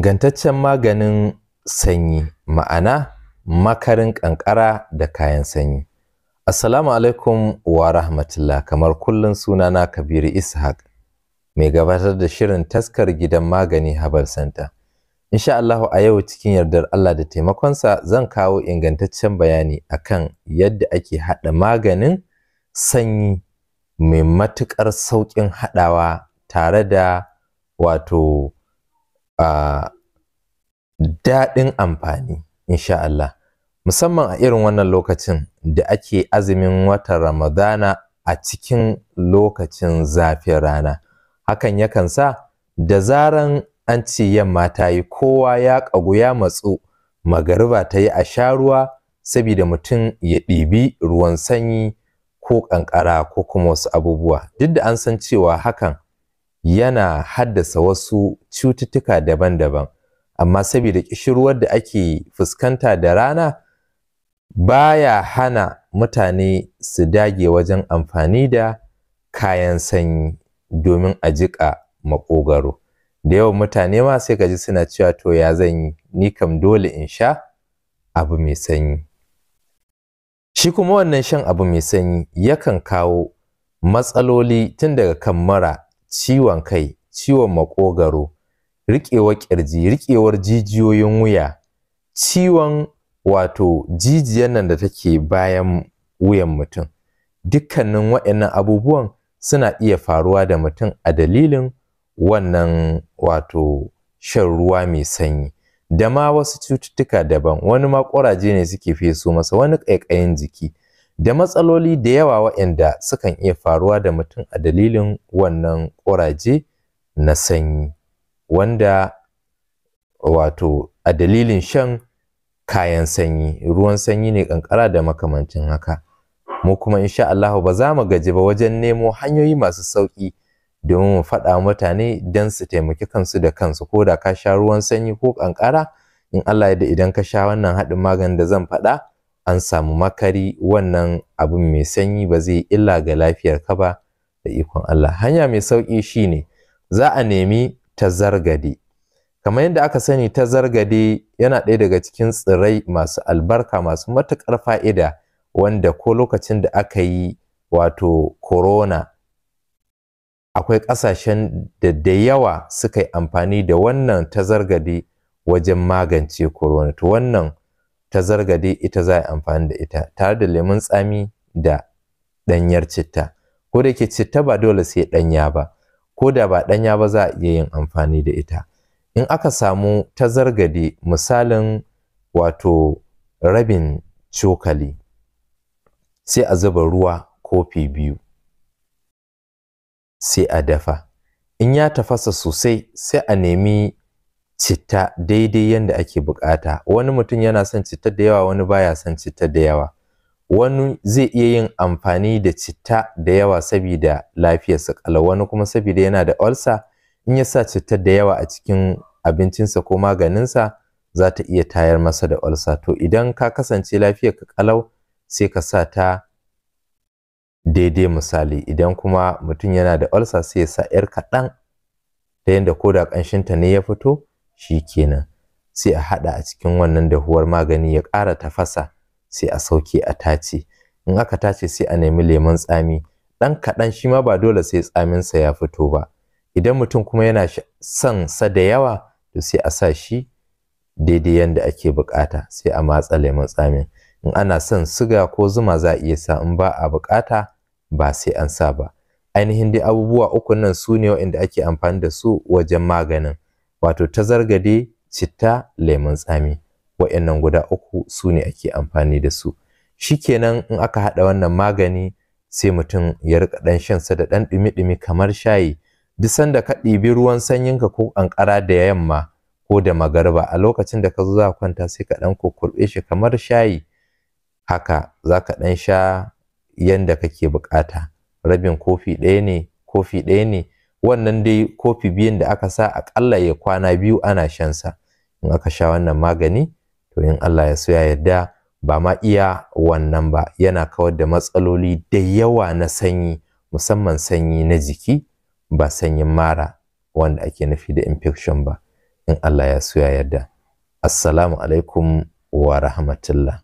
ingantaccen maganin sanyi ma'ana makarin ƙanƙara da kayan sanyi assalamu alaikum wa rahmatullah kamar kullum sunana kabiru ishaq mai gabatar da shirin taskar gidan magani habar santa insha Allahu a yau cikin yardar Allah da taimakonsa zan kawo ingantaccen bayani akan yadda ake haɗa maganin sanyi mai matuƙar sauƙin haɗawa tare da wato A daɗin amfani insha Allah musamman a irin wannan lokacin da ake azumin watan Ramadana a cikin lokacin zafin rana hakan yakan sa da zaran an ce yamma ta yi kowa ya ƙagu ya matsu magariba ta yi a sha ruwa saboda mutum ya ɗibi ruwan sanyi ko ƙanƙara ko kuma wasu abubuwa duk da an san cewa hakan yana haddasa wasu cututtuka daban-daban amma saboda kishirwar da ake fuskanta da rana baya hana mutane su dage wajen amfani da kayan sanyi domin a jiƙa makogaro da yawan mutane ma sai ka suna cewa to ya zan yi ni kam dole in sha abu mai sanyi shi kuma wannan shan abu mai sanyi yakan kawo matsaloli tun daga kammara. ciwon kai ciwon makogaro riƙewar ƙirji riƙewar jijiyoyin wuya ciwon wato jijiyan nan da take bayan wuyan mutum dukkanin waɗannan abubuwan suna iya faruwa da mutum a dalilin wannan wato shan ruwa mai sanyi da ma wasu cututtuka daban wani ma ƙuraje ne suke feso masa wani ƙaiƙayin jiki da matsaloli da yawa waɗanda sukan iya faruwa da mutum a dalilin wannan ƙuraje na sanyi wanda wato a dalilin shan kayan sanyi ruwan sanyi ne ƙanƙara da makamancin haka mu kuma insha Allah ba za mu gaji ba wajen nemo hanyoyi masu sauƙi domin mu faɗa mutane don su taimaki kansu da kansu ko da ka sha ruwan sanyi ko ƙanƙara in Allah ya da idan ka sha wannan haɗin maganin da zan faɗa an samu makari wannan abin mai sanyi ba zai illa ga lafiyar ka ba da ikon Allah hanya mai sauki shine za a nemi tazargade kamar yadda aka sani tazargade yana ɗaya daga cikin tsirrai masu albarka masu matuƙar fa'ida wanda ko lokacin da aka yi wato corona akwai ƙasashen da da yawa suka yi amfani da wannan tazargade wajen magance corona to wannan ta zargade ita za a amfani da ita tare da lemun tsami da ɗanyar citta ko da ke citta ba dole sai ɗanya ba ko da ba ɗanya ba za a iya yin amfani da ita in aka samu ta zargade misalin wato rabin cokali sai a zuba ruwa kofi biyu sai a dafa in ya tafasa sosai sai a nemi citta daidai yanda ake bukata wani mutum yana son citta da yawa wani baya son citta da yawa wani zai iya yin amfani da citta da yawa saboda lafiyarsa kalau wani kuma saboda yana da ulcer in ya sa citta da yawa a cikin abincinsa ko maganinsa za ta iya tayar masa da ulcer to idan ka kasance ka kalau sai ka sa ta daidai misali idan kuma mutum yana da ulcer sai ya sa 'yar kaɗan ta yanda ko da ƙanshinta ne ya fito shi kenan sai a haɗa a cikin wannan dahuwar magani ya ƙara tafasa sai a sauke a tace in aka tace sai a nemi lemon tsami ɗan kaɗan shi ma ba dole sai tsamin sa ya fito ba idan mutum kuma yana son sa da yawa to sai a sa shi daidai yanda ake bukata sai a matsa lemon tsamin in ana son suga ko zuma za a iya sa in ba a bukata ba sai an sa ba ainihin dai abubuwa uku nan su ne waɗanda ake amfani da su wajen maganin wato ta zargade citta lemun tsami wa'annan guda uku su ne ake amfani da su shikenan in aka haɗa wannan magani sai mutum ya rika ɗan shan sa da ɗan ɗumi-ɗumi kamar shayi duk sanda ka ɗibi ruwan sanyin ka ko ƙanƙara da yamma ko da magarba a lokacin da ka zo za kwanta sai ka ɗan kurkurɓe shi kamar shayi haka za ka ɗan sha yanda kake buƙata rabin kofi ɗaya ne kofi ɗaya ne wannan dai kofi biyun da aka sa akalla ya kwana biyu ana shansa in aka sha wannan magani to in Allah ya so ya yarda ba ma iya wannan ba yana kawar da matsaloli da yawa na sanyi musamman sanyi na jiki ba sanyin mara wanda ake nufi da infection ba in Allah ya so ya yarda assalamu alaikum wa rahmatullah